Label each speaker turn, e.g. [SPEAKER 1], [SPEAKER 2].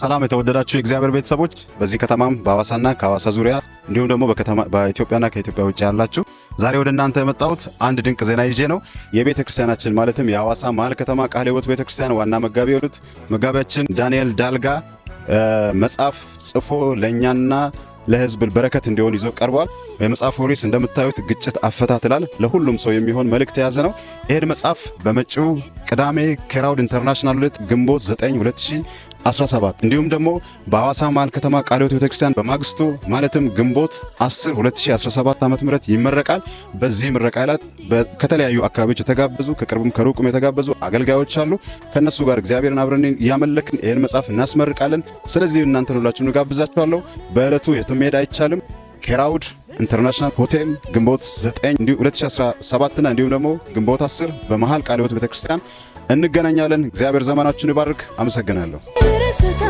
[SPEAKER 1] ሰላም የተወደዳችሁ የእግዚአብሔር ቤተሰቦች በዚህ ከተማም በአዋሳና ከአዋሳ ዙሪያ እንዲሁም ደግሞ በኢትዮጵያና ከኢትዮጵያ ውጭ ያላችሁ ዛሬ ወደ እናንተ የመጣሁት አንድ ድንቅ ዜና ይዤ ነው። የቤተ ክርስቲያናችን ማለትም የአዋሳ መሀል ከተማ ቃለ ሕይወት ቤተ ክርስቲያን ዋና መጋቢ የሆኑት መጋቢያችን ዳንኤል ዳልጋ መጽሐፍ ጽፎ ለእኛና ለሕዝብ በረከት እንዲሆን ይዞ ቀርቧል። የመጽሐፉ ርዕስ እንደምታዩት ግጭት አፈታት ይላል። ለሁሉም ሰው የሚሆን መልእክት የያዘ ነው። ይህን መጽሐፍ በመጪው ቅዳሜ ክራውድ ኢንተርናሽናል ሁለት ግንቦት 9 17 እንዲሁም ደግሞ በሐዋሳ መሃል ከተማ ቃለ ሕይወት ቤተክርስቲያን በማግስቱ ማለትም ግንቦት 10 2017 ዓ.ም ይመረቃል። በዚህ ምረቃ ላይ ከተለያዩ አካባቢዎች የተጋበዙ ከቅርብም ከሩቅም የተጋበዙ አገልጋዮች አሉ። ከነሱ ጋር እግዚአብሔርን አብረን እያመለክን ይህን መጽሐፍ እናስመርቃለን። ስለዚህ እናንተ ሁላችሁን እጋብዛችኋለሁ። በዕለቱ የትም መሄድ አይቻልም። ኬራውድ ኢንተርናሽናል ሆቴል ግንቦት 9 እንዲሁ 2017ና እንዲሁም ደግሞ ግንቦት 10 በመሃል ቃለ ሕይወት ቤተክርስቲያን እንገናኛለን። እግዚአብሔር ዘመናችን ይባርክ። አመሰግናለሁ። Jesus.